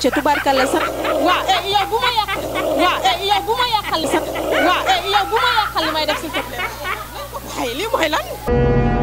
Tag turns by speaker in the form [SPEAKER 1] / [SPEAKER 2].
[SPEAKER 1] ce tubarkalla sax
[SPEAKER 2] wa eh yow iya, buma yakal wa eh yow iya, buma yakal sax wa eh yow buma yakal may def ci top way li moy lan